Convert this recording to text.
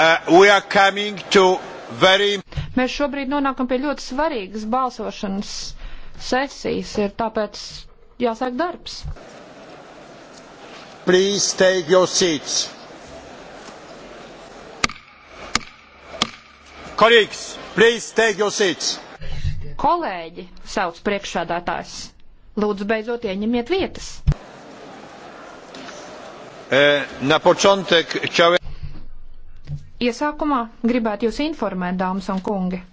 Uh, very... Mēs šobrīd nonākam pie ļoti svarīgas balsošanas sesijas, ir tāpēc jāsāk darbs. Please take your seats. Colleagues, please take your seats. Kolēģi, savs priekšsādātājs, lūdzu beidzot ieņemiet vietas. E, na początek chciałem. Iesākumā gribētu jūs informēt, dāmas un kungi,